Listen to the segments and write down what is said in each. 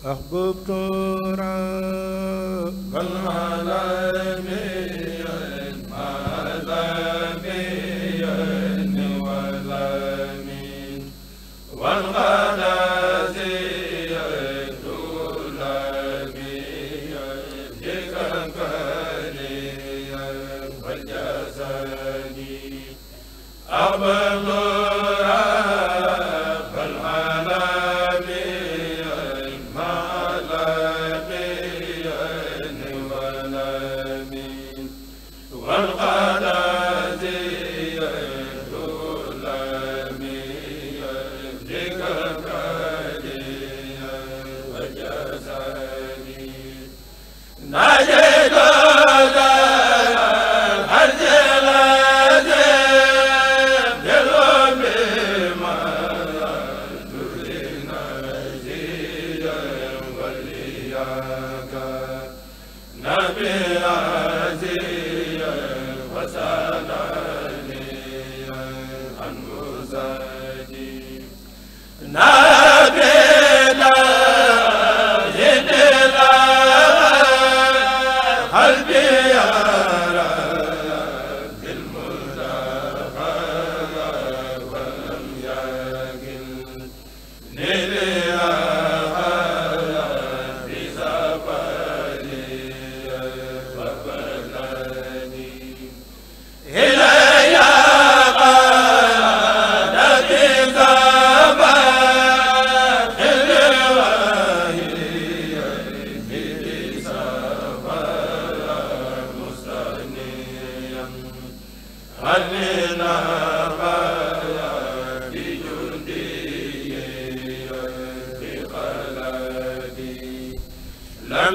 أحببت ربا العالمين lam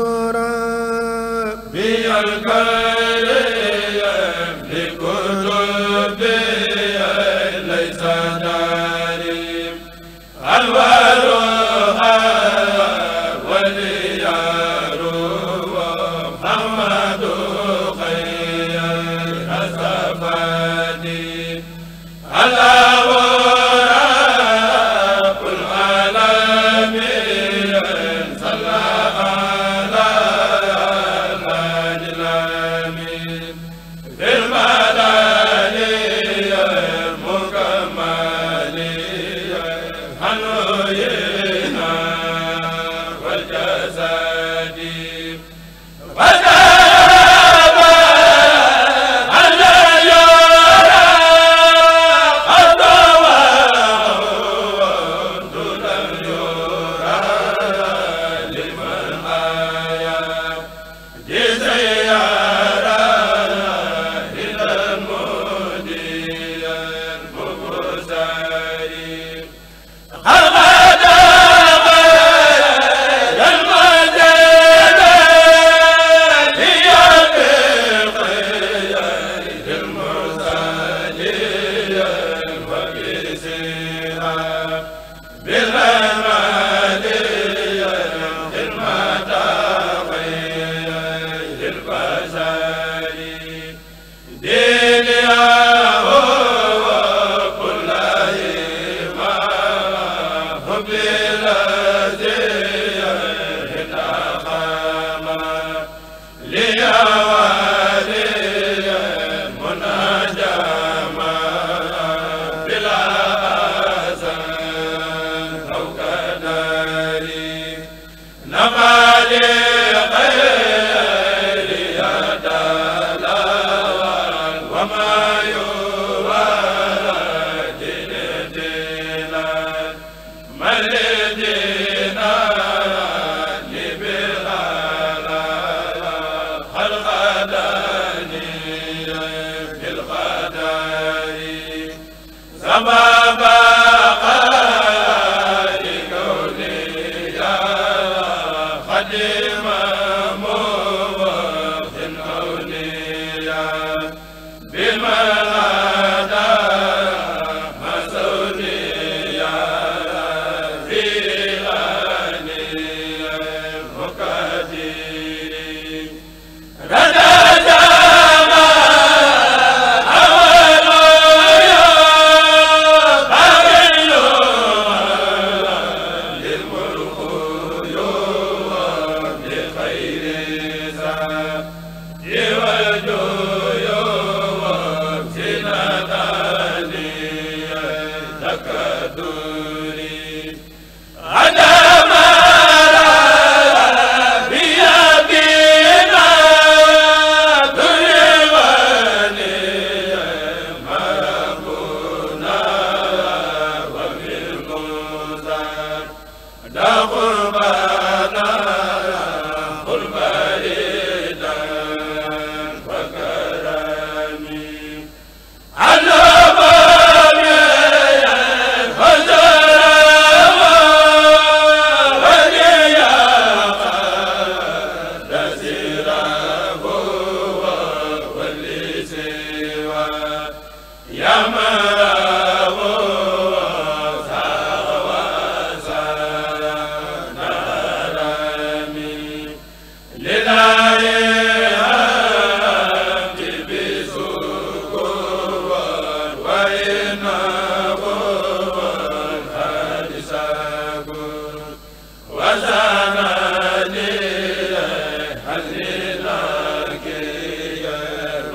ale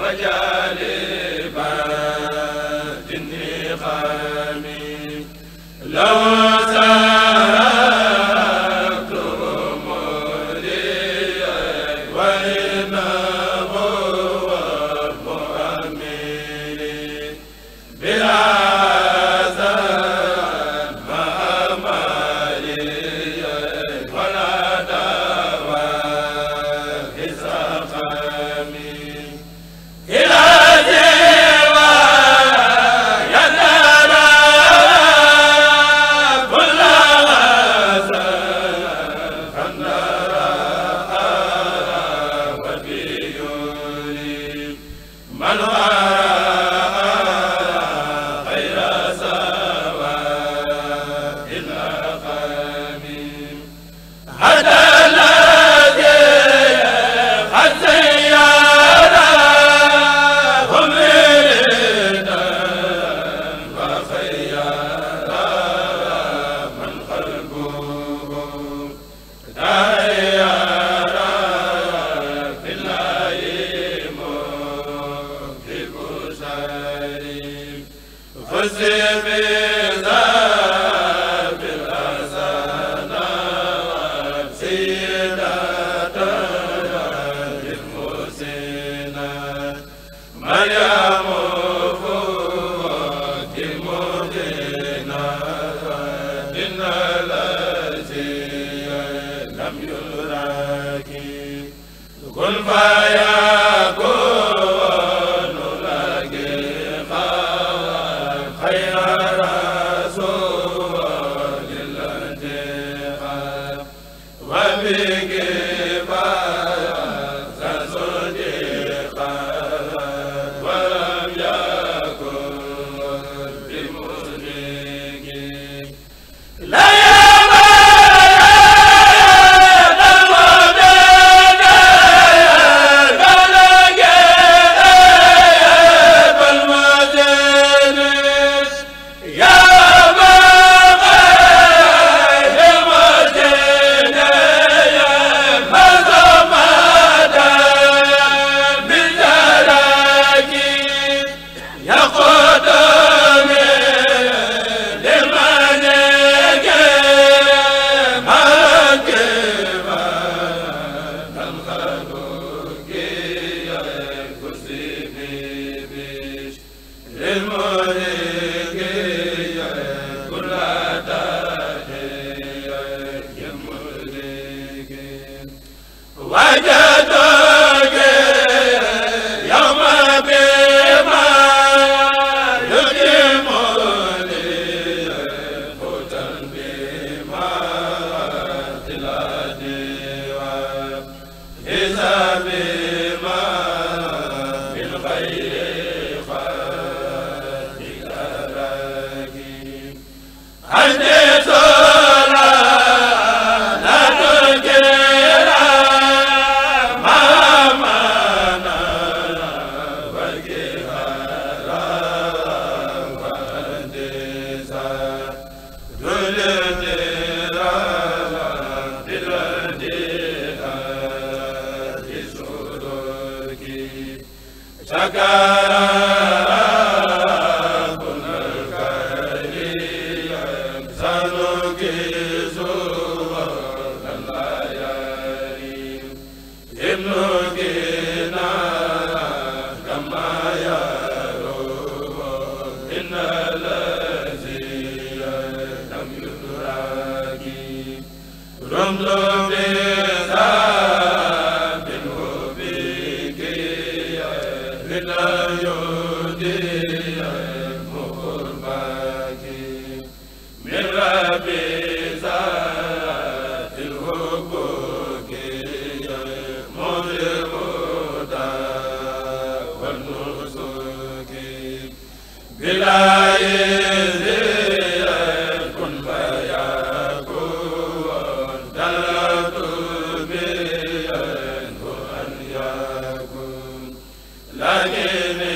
وجالبا في النقام لو الملك ram la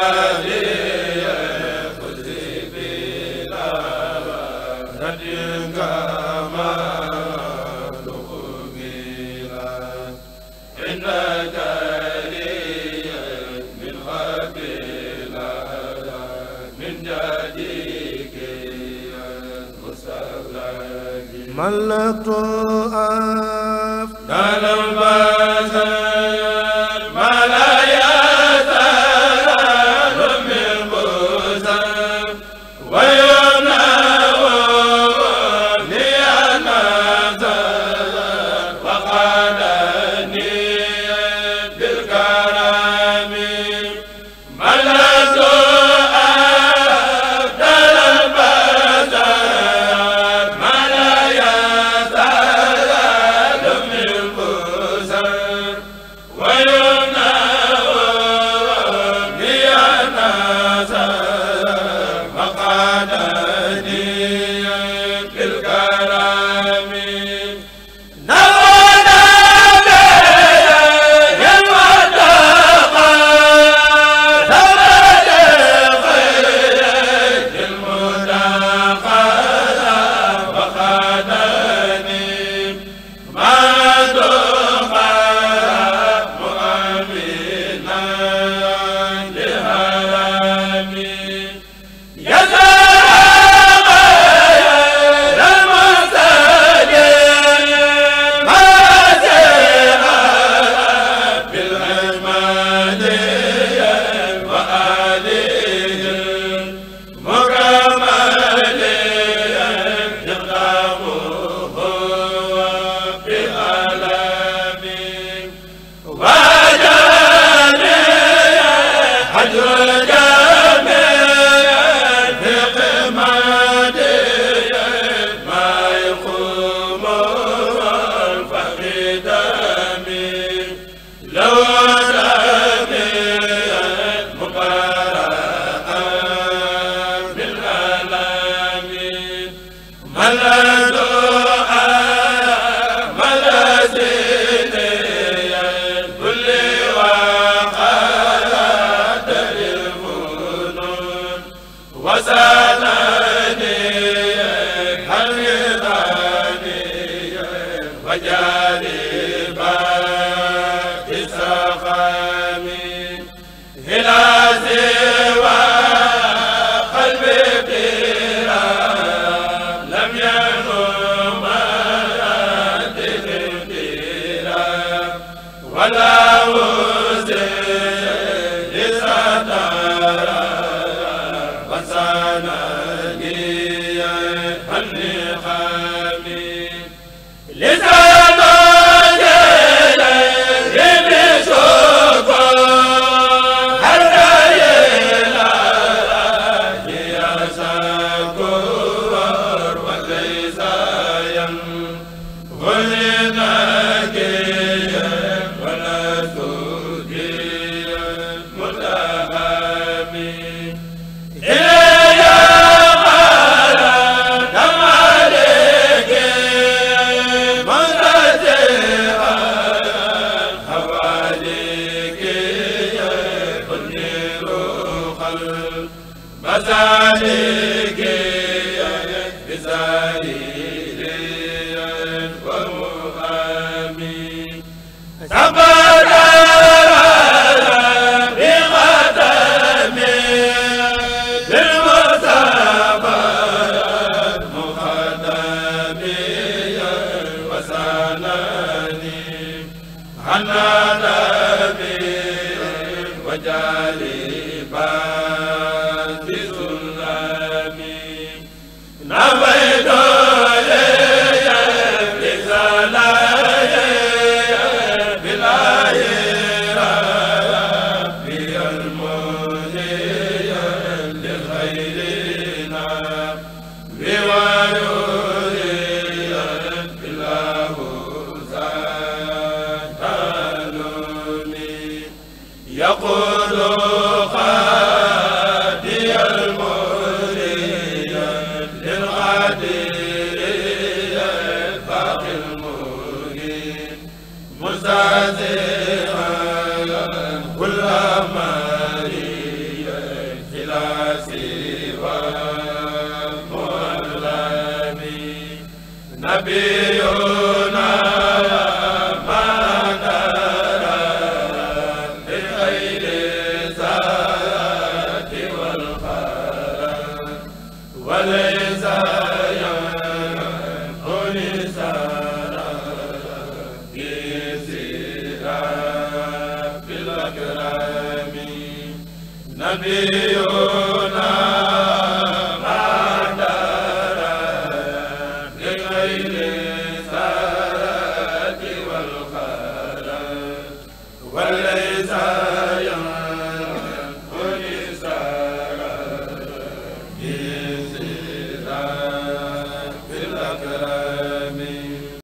ملأت أفضل wasa